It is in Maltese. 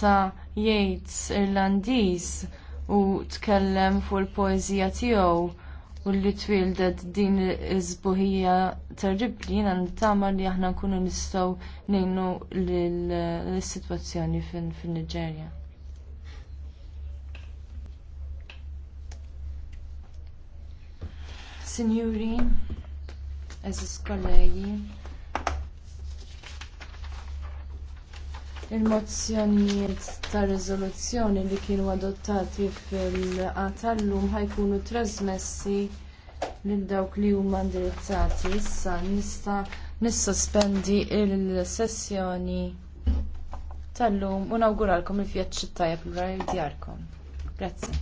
Ta' Yates Irlandiż u tkellem fuq il-poeżija tiegħu u li twildet din iż-żbuħija terribbli jiena nittama li aħna nkunu nistgħu ngħinu lis sitwazzjoni fin-Niġerja. Signori, eżis kollegi, Il-mozzjonijiet ta' riżoluzzjoni li kienu adottati fil l-lum ħajkunu trasmessi lil dawk li huma indirizzati. Issa nista' nissospendi l sessjoni tal-lum u nawguralkom il-vjaġġ tajjeb lura djarkom. Grazzi.